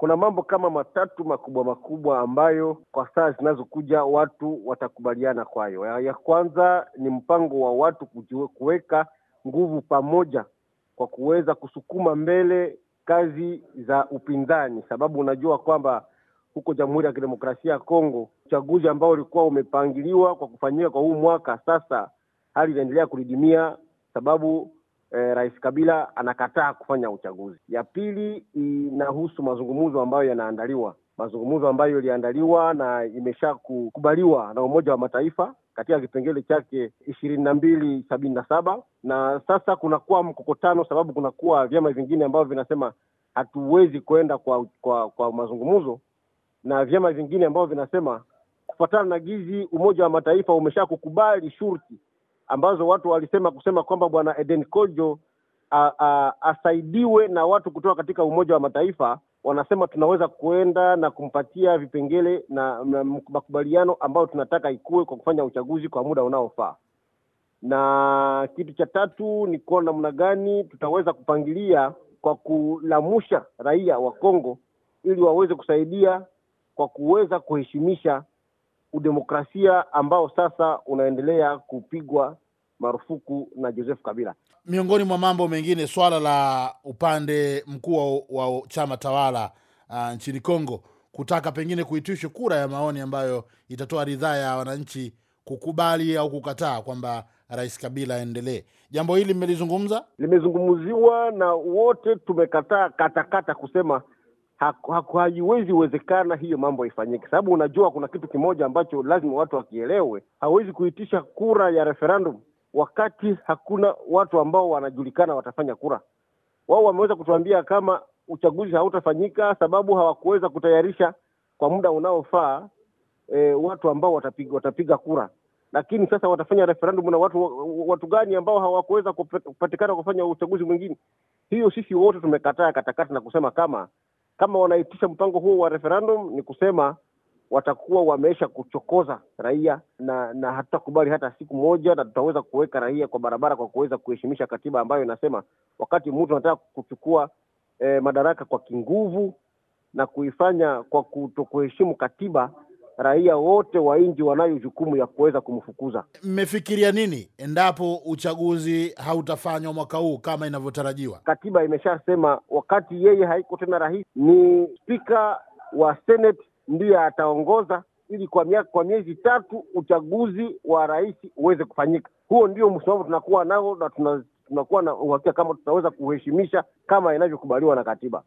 Kuna mambo kama matatu makubwa makubwa ambayo kwa saa zinazokuja watu watakubaliana kwayo. Ya, ya kwanza ni mpango wa watu kuweka nguvu pamoja kwa kuweza kusukuma mbele kazi za upinzani, sababu unajua kwamba huko Jamhuri ya Kidemokrasia ya Kongo uchaguzi ambao ulikuwa umepangiliwa kwa kufanyika kwa huu mwaka, sasa hali inaendelea kudidimia, sababu eh, Rais Kabila anakataa kufanya uchaguzi. Ya pili inahusu mazungumzo ambayo yanaandaliwa, mazungumzo ambayo yaliandaliwa na imesha kukubaliwa na Umoja wa Mataifa katika kipengele chake ishirini na mbili sabini na saba na sasa kunakuwa mkokotano, sababu kunakuwa vyama vingine ambavyo vinasema hatuwezi kwenda kwa, kwa, kwa mazungumzo na vyama vingine ambavyo vinasema kufuatana na gizi Umoja wa Mataifa umeshakukubali shurti ambazo watu walisema kusema kwamba bwana Eden Kojo a, a, asaidiwe na watu kutoka katika Umoja wa Mataifa. Wanasema tunaweza kuenda na kumpatia vipengele na, makubaliano ambayo tunataka ikue kwa kufanya uchaguzi kwa muda unaofaa. Na kitu cha tatu ni kuona namna gani tutaweza kupangilia kwa kulamusha raia wa Kongo ili waweze kusaidia kwa kuweza kuheshimisha udemokrasia ambao sasa unaendelea kupigwa marufuku na Joseph Kabila. Miongoni mwa mambo mengine, swala la upande mkuu wa chama tawala uh, nchini Kongo kutaka pengine kuitishwa kura ya maoni ambayo itatoa ridhaa ya wananchi kukubali au kukataa kwamba Rais Kabila aendelee. Jambo hili limelizungumza limezungumziwa na wote, tumekataa katakata kusema haiwezi uwezekana hiyo mambo ifanyike sababu unajua kuna kitu kimoja ambacho lazima watu wakielewe. Hawezi kuitisha kura ya referendum wakati hakuna watu ambao wanajulikana watafanya kura. Wao wameweza kutuambia kama uchaguzi hautafanyika sababu hawakuweza kutayarisha kwa muda unaofaa e, watu ambao watapiga, watapiga kura. Lakini sasa watafanya referendum na watu, watu gani ambao hawakuweza kupatikana kufanya uchaguzi mwingine? Hiyo sisi wote tumekataa katakata na kusema kama kama wanaitisha mpango huo wa referendum ni kusema watakuwa wameisha kuchokoza raia na na hatutakubali hata siku moja, na tutaweza kuweka raia kwa barabara kwa kuweza kuheshimisha katiba ambayo inasema wakati mtu anataka kuchukua eh, madaraka kwa kinguvu na kuifanya kwa kutokuheshimu katiba, raia wote wa nchi wanayo jukumu ya kuweza kumfukuza. Mmefikiria nini endapo uchaguzi hautafanywa mwaka huu kama inavyotarajiwa? Katiba imeshasema wakati yeye haiko tena rais, ni spika wa Senate ndiyo ataongoza ili kwa miaka kwa miezi tatu uchaguzi wa rais uweze kufanyika. Huo ndio msimamo tunakuwa nao na tunakuwa na uhakika kama tutaweza kuheshimisha kama inavyokubaliwa na katiba.